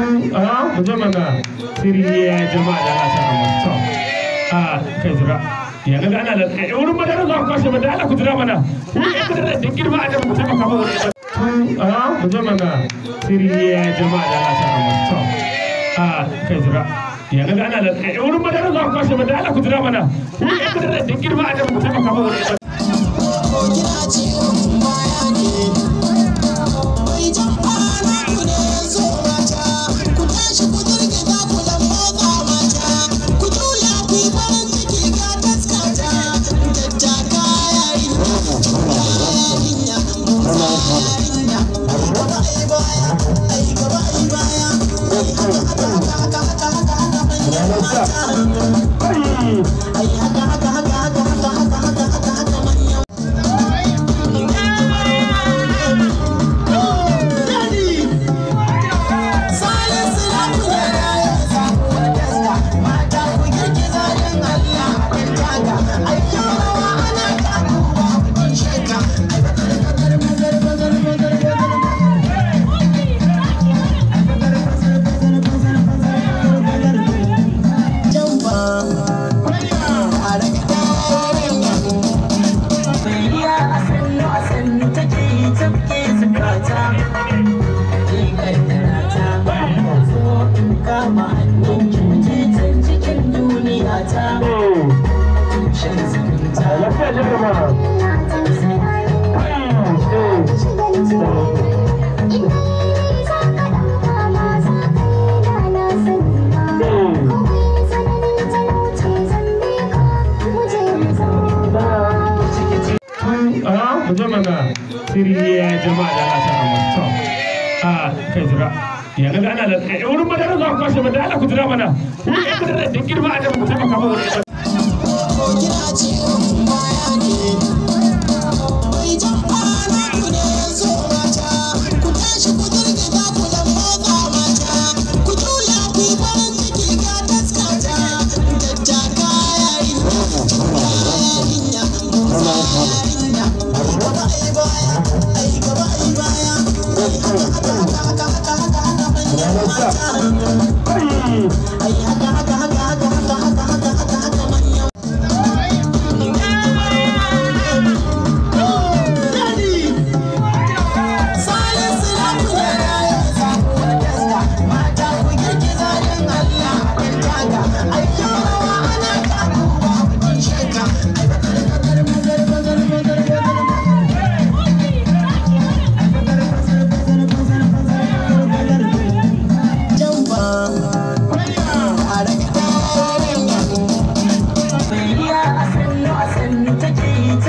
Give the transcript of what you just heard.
ku a da Allah eh, ta kai ya ana wurin madara za ku kwashe madara ku jira mana wurin da girma a jama'a ku zama kama da ta kai zira ya ana da eh, wurin madara za ku kwashe madara ku jira mana wurin da girma a jama'a ku zama Happy birthday. ta tushen zumunta matan sana'a shigar mu zama ga sirriya jama'a da ya ana da eh, wurin madara za ku kwashe ba da Allah ku jira mana wurin yan madara da girma a da